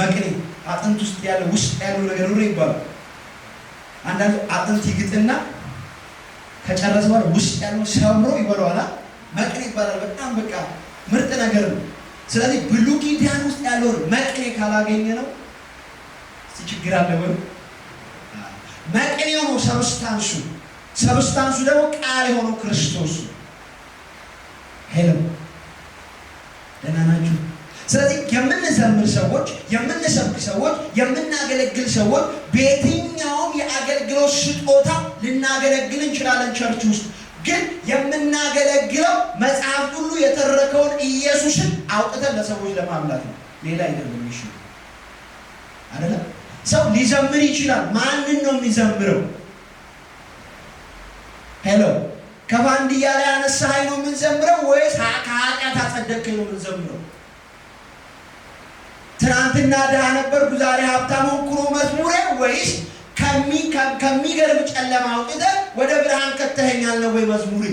መቅኔ አጥንት ውስጥ ያለ ውስጥ ያለው ነገር ሁሉ ይባላል። አንዳንዱ አጥንት ይግጥና ከጨረሰ በኋላ ውስጥ ያለው ሰብሮ ይበለዋላ። መቅኔ ይባላል። በጣም በቃ ምርጥ ነገር ነው። ስለዚህ ብሉይ ኪዳን ውስጥ ያለውን መቅኔ ካላገኘ ነው ችግር አለ ወይ? መቅኔው ነው ሰብስታንሱ። ሰብስታንሱ ደግሞ ቃል የሆነው ክርስቶስ ሄሎ፣ ደህና ናችሁ? ስለዚህ የምንዘምር ሰዎች፣ የምንሰብክ ሰዎች፣ የምናገለግል ሰዎች በየትኛውም የአገልግሎት ስጦታ ልናገለግል እንችላለን። ቸርች ውስጥ ግን የምናገለግለው መጽሐፍ ሁሉ የተረከውን ኢየሱስን አውጥተን ለሰዎች ለማምላት ነው። ሌላ አይደለም። ይሽ አይደለም። ሰው ሊዘምር ይችላል። ማንን ነው የሚዘምረው? ሄሎ ከፋንድያ ላይ ሀይ ነው የምንዘምረው ወይስ ከኃጢአት አጸደቅ ነው የምንዘምረው? ትናንትና ድሃ ነበርኩ ዛሬ ሀብታም ሆንኩ መዝሙሬ ወይስ ከሚገርም ጨለማ አውጥተህ ወደ ብርሃን ከተኸኛል ነው ወይ መዝሙሬ?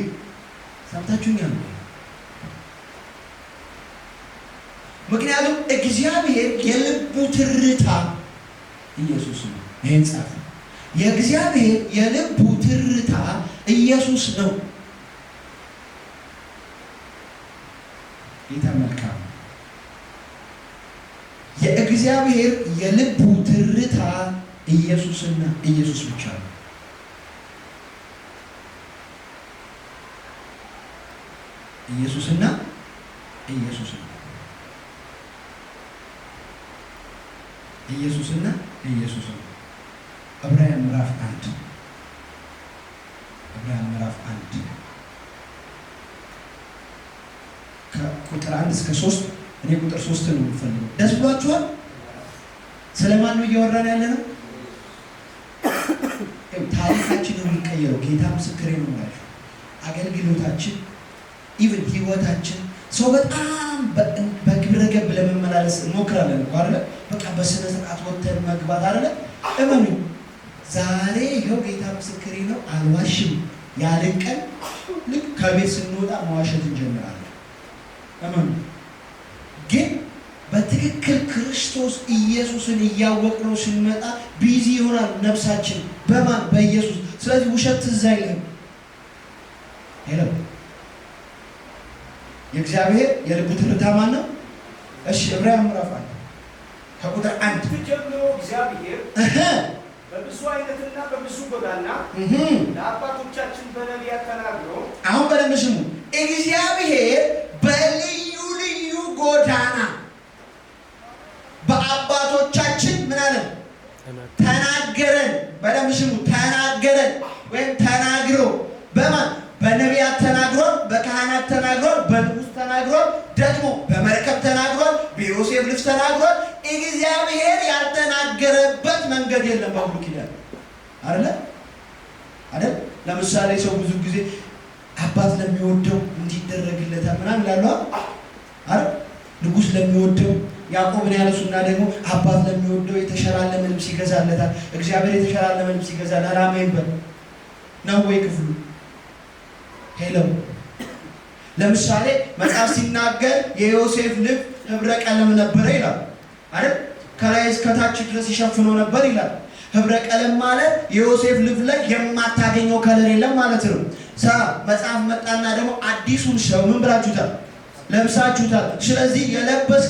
ሰምታችሁኛል። ምክንያቱም እግዚአብሔር የልቡ ትርታ ኢየሱስ ነው። ይህን ጻፍ። የእግዚአብሔር የልቡ ትርታ ኢየሱስ ነው። ጌታ ይተመልካል የእግዚአብሔር የልቡ ትርታ ኢየሱስና ኢየሱስ ብቻ ነው። ኢየሱስና ኢየሱስ ነው። ኢየሱስና ኢየሱስ ነው። ዕብራውያን ምዕራፍ አንድ ዕብራውያን ምዕራፍ አንድ ከቁጥር አንድ እስከ ሶስት እኔ ቁጥር ሶስት ነው የምፈልገው። ደስ ብሏችኋል? ስለማን ነው እያወራን ያለ ነው? ታሪካችን የሚቀየረው ጌታ ምስክሬ ነው ማለት አገልግሎታችን፣ ኢቭን ህይወታችን ሰው በጣም በግብረ ገብ ለመመላለስ እንሞክራለን እኮ አለ። በቃ በስነ ስርዓት ወተን መግባት አለ። እመኑ ዛሬ ይኸው ጌታ ምስክሬ ነው አልዋሽም ያለን ቀን ልክ ከቤት ስንወጣ መዋሸት እንጀምራለን። እመኑ በትክክል ክርስቶስ ኢየሱስን እያወቅ ነው ስንመጣ ቢዚ ይሆናል ነፍሳችን በማን በኢየሱስ ስለዚህ ውሸት ትዝ አይልም ሄለው የእግዚአብሔር የልቡ ትርታ ማን ነው እሺ ዕብራውያን ምዕራፍ አንድ ከቁጥር አንድ ጀምሮ እግዚአብሔር በብዙ አይነትና በብዙ ጎዳና ለአባቶቻችን በነቢያት ተናግሮ አሁን በደንብ ስሙ እግዚአብሔር በልዩ ተናገረን። በደምብ ስሙ። ተናገረን ወይም ተናግሮ በማን በነቢያት ተናግሮን፣ በካህናት ተናግሮን፣ በንጉስ ተናግሮን፣ ደግሞ በመርከብ ተናግሮን፣ በዮሴፍ ልጅ ተናግሮን። እግዚአብሔር ያልተናገረበት መንገድ የለም። በሙሉ ኪዳን አለ አይደል? ለምሳሌ ሰው ብዙ ጊዜ አባት ለሚወደው እንዲደረግለታል ምናምን ላለ አይደል? ንጉስ ለሚወደው ያዕቆብን ያነሱና ደግሞ አባት ለሚወደው የተሸላለመ ልብስ ይገዛለታል። እግዚአብሔር የተሸላለመ ልብስ ይገዛል። አላማ ይበል ነው ወይ ክፍሉ ሄለው ለምሳሌ መጽሐፍ ሲናገር የዮሴፍ ልብ ህብረ ቀለም ነበረ ይላል አይደል? ከላይ እስከታች ድረስ ይሸፍኖ ነበር ይላል። ህብረ ቀለም ማለት የዮሴፍ ልብ ላይ የማታገኘው ከለር የለም ማለት ነው። ሳ መጽሐፍ መጣና ደግሞ አዲሱን ሰው ምን ብላችሁታል? ለብሳችሁታል። ስለዚህ የለበስ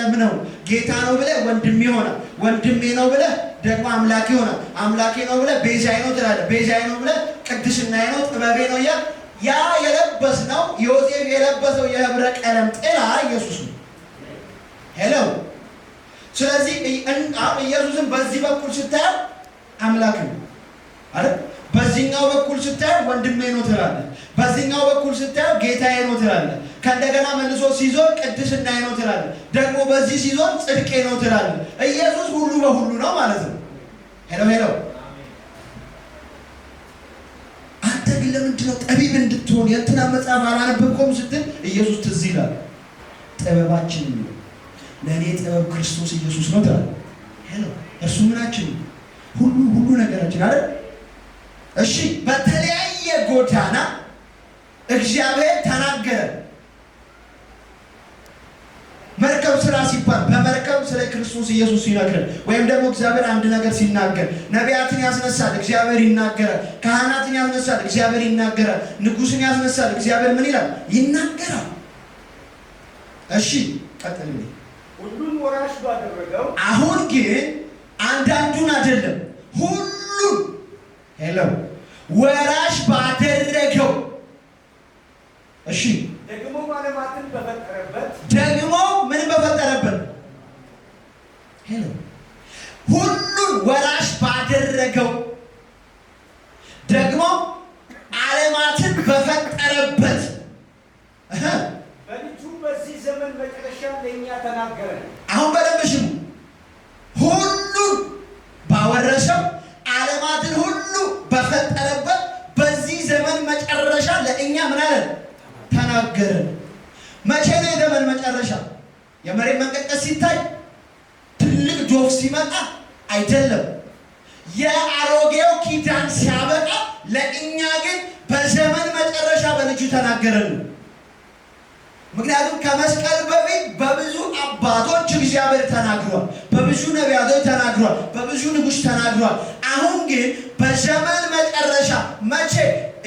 ቀለም ነው። ጌታ ነው ብለህ ወንድሜ ይሆናል። ወንድሜ ነው ብለህ ደግሞ አምላኬ ይሆናል። አምላኬ ነው ብለህ ቤዛዬ ነው ትላለህ። ቤዛዬ ነው ብለህ ቅድስናዬ ነው፣ ጥበቤ ነው እያል ያ የለበስነው ዮሴፍ የለበሰው የህብረ ቀለም ጥላ ኢየሱስ ነው። ሄሎ። ስለዚህ ኢየሱስን በዚህ በኩል ስታየው አምላክ ነው አይደል? በዚህኛው በኩል ስታየው ወንድሜ ነው ትላለህ። በዚህኛው በኩል ስታየው ጌታዬ ነው ትላለህ። ከእንደገና መልሶ ሲዞር ቅድስናዬ ነው ትላለ። ደግሞ በዚህ ሲዞር ጽድቄ ነው ትላለ። ኢየሱስ ሁሉ በሁሉ ነው ማለት ነው። ሄሎ ሄሎ። አንተ ግን ለምንድን ነው ጠቢብ እንድትሆን የእንትና መጽሐፍ አላነበብከውም ስትል ኢየሱስ ትዝ ይላል። ጥበባችን ነው ለእኔ ጥበብ ክርስቶስ ኢየሱስ ነው ትላለ። ሄሎ እርሱ ምናችን ሁሉ ሁሉ ነገራችን አይደል? እሺ በተለያየ ጎዳና እግዚአብሔር ተናገረ። መርከብ ስራ ሲባል በመርከብ ስለ ክርስቶስ ኢየሱስ ሲነግረን ወይም ደግሞ እግዚአብሔር አንድ ነገር ሲናገር ነቢያትን ያስነሳል፣ እግዚአብሔር ይናገራል። ካህናትን ያስነሳል፣ እግዚአብሔር ይናገራል። ንጉስን ያስነሳል፣ እግዚአብሔር ምን ይላል? ይናገራል። እሺ ቀጥል። ሁሉን ወራሽ ባደረገው አሁን ግን አንዳንዱን አይደለም ሁሉን ሄሎ ወራሽ ባደረገው እሺ ደግሞ ዓለማትን በፈጠረበት ሁሉን ወራሽ ባደረገው ደግሞ ዓለማትን በፈጠረበት በልጁ በዚህ ዘመን መጨረሻ ለእኛ ተናገረ። አሁን በደንብ ሽሙ አይደለም። የአሮጌው ኪዳን ሲያበቃ ለእኛ ግን በዘመን መጨረሻ በልጁ ተናገረን። ምክንያቱም ከመስቀል በፊት በብዙ አባቶች እግዚአብሔር ተናግሯል፣ በብዙ ነቢያቶች ተናግሯል፣ በብዙ ንጉሥ ተናግሯል። አሁን ግን በዘመን መጨረሻ መቼ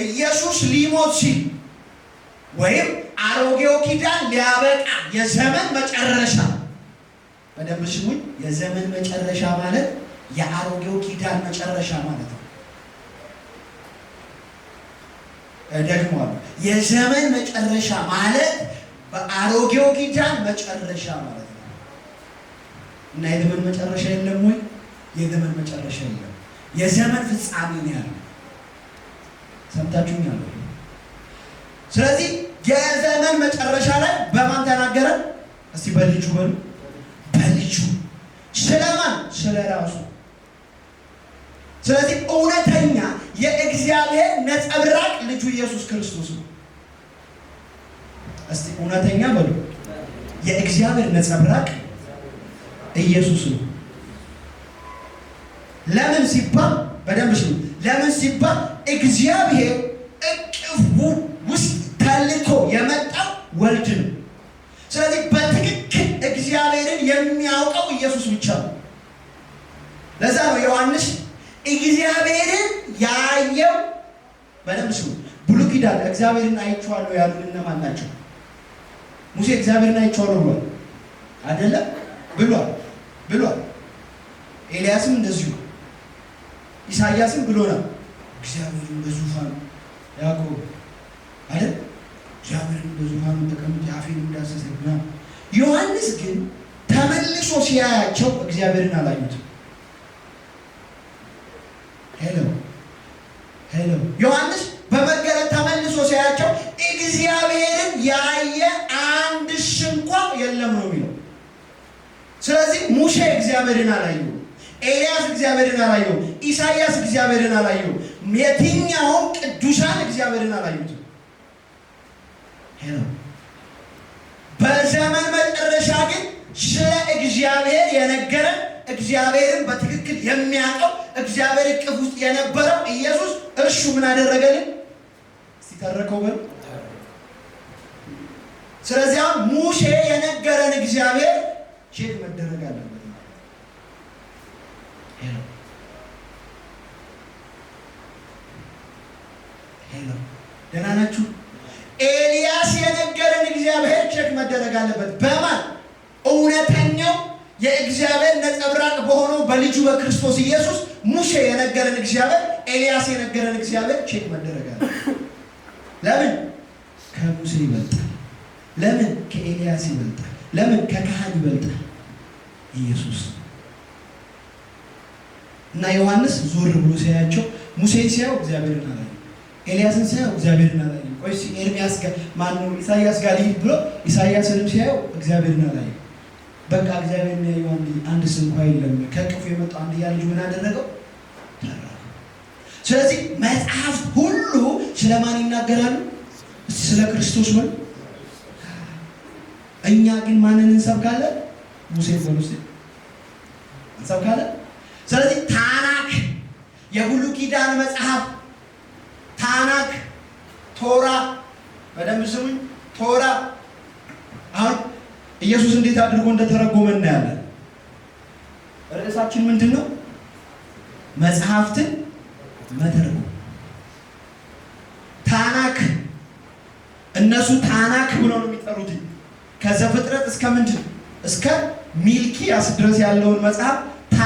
ኢየሱስ ሊሞት ሲል ወይም አሮጌው ኪዳን ሊያበቃ የዘመን መጨረሻ በደንብ ስሙኝ። የዘመን መጨረሻ ማለት የአሮጌው ኪዳን መጨረሻ ማለት ነው። እደግመዋለሁ። የዘመን መጨረሻ ማለት በአሮጌው ኪዳን መጨረሻ ማለት ነው እና የዘመን መጨረሻ የለም ወይ? የዘመን መጨረሻ የለም። የዘመን ፍጻሜ ነው ያለው። ሰምታችሁኛል? ስለዚህ የዘመን መጨረሻ ላይ በማን ተናገረ? እስቲ በልጁ በሉ በልጁ ስለማን? ስለራሱ ስለዚህ እውነተኛ የእግዚአብሔር ነጸብራቅ ልጁ ኢየሱስ ክርስቶስ ነው። እስቲ እውነተኛ በሉ። የእግዚአብሔር ነጸብራቅ ኢየሱስ ነው። ለምን ሲባል በደንብ ስሙ። ለምን ሲባል እግዚአብሔር እቅፉ ውስጥ ተልኮ የመጣው ወልድ ነው። እግዚአብሔርን አይቼዋለሁ ያሉን እነማን ናቸው? ሙሴ እግዚአብሔርን አይቼዋለሁ ብሏል አይደለም? ብሏል ብሏል። ኤልያስም እንደዚሁ ኢሳያስም ብሎናል። እግዚአብሔርን በዙፋኑ ያዕቆብ አይደል? እግዚአብሔርን በዙፋኑ ተቀምጦ አፌን እንዳሰሰ ምናምን። ዮሐንስ ግን ተመልሶ ሲያያቸው እግዚአብሔርን አላዩትም። ሄሎ ሄሎ ዮሐንስ እግዚአብሔርን አላዩ። ኤልያስ እግዚአብሔርን አላዩ። ኢሳያስ እግዚአብሔርን አላዩ። የትኛውም ቅዱሳን እግዚአብሔርን አላዩትም። በዘመን መጨረሻ ግን ስለ እግዚአብሔር የነገረን እግዚአብሔርን በትክክል የሚያውቀው እግዚአብሔር እቅፍ ውስጥ የነበረው ኢየሱስ እርሱ ምን አደረገልን? ሲተረከው በል። ስለዚያ ሙሴ የነገረን እግዚአብሔር ሼክ Hello. ሄሎ ደህና ናችሁ? ኤልያስ የነገረን እግዚአብሔር ቼክ መደረግ አለበት። በማን እውነተኛው የእግዚአብሔር ነጸብራቅ በሆነው በልጁ በክርስቶስ ኢየሱስ ሙሴ የነገረን እግዚአብሔር፣ ኤልያስ የነገረን እግዚአብሔር ቼክ መደረግ አለበት። ለምን ከሙሴ ይበልጣል? ለምን ከኤልያስ ይበልጣል? ለምን ከካህን ይበልጣል? ኢየሱስ እና ዮሐንስ ዞር ብሎ ሲያያቸው ሙሴን ሲያው እግዚአብሔርን አላየ፣ ኤልያስን ሲያው እግዚአብሔርን አላየ። ቆይ ኤርሚያስ ጋር ማነው ኢሳያስ ጋር ይሄድ ብሎ ኢሳያስንም ሲያው እግዚአብሔርን አላየ። በቃ እግዚአብሔር የሚያየው አንድ ስንኳ የለም። ከቅፉ የመጣው አንድያ ልጅ ምን አደረገው? ስለዚህ መጽሐፍ ሁሉ ስለማን ይናገራሉ? ስለ ክርስቶስ ወን እኛ ግን ማንን እንሰብካለን? ሙሴን በሙሴ እንሰብካለን ስለዚህ ታናክ የሁሉ ኪዳን መጽሐፍ ታናክ ቶራ፣ በደንብ ስሙኝ፣ ቶራ አሁን ኢየሱስ እንዴት አድርጎ እንደተረጎመ እናያለን። ርዕሳችን ምንድን ነው? መጽሐፍትን መተርጎ ታናክ እነሱ ታናክ ብሎ ነው የሚጠሩት። ከዘፍጥረት እስከ ምንድን እስከ ሚልኪያስ ድረስ ያለውን መጽሐፍ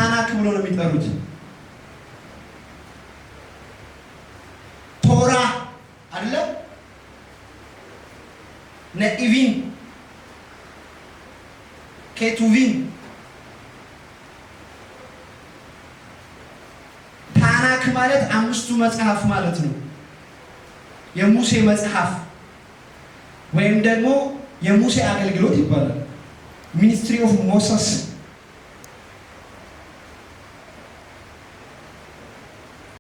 ታናክ ብሎ ነው የሚጠሩት። ቶራ አለ ነኢቪን ኬቱቪን ታናክ ማለት አምስቱ መጽሐፍ ማለት ነው። የሙሴ መጽሐፍ ወይም ደግሞ የሙሴ አገልግሎት ይባላል። ሚኒስትሪ ኦፍ ሞሰስ